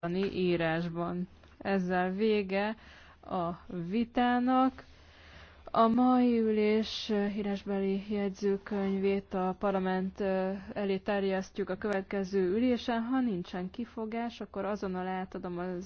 mondani írásban. Ezzel vége a vitának. A mai ülés írásbeli jegyzőkönyvét a parlament elé terjesztjük a következő ülésen. Ha nincsen kifogás, akkor azonnal átadom az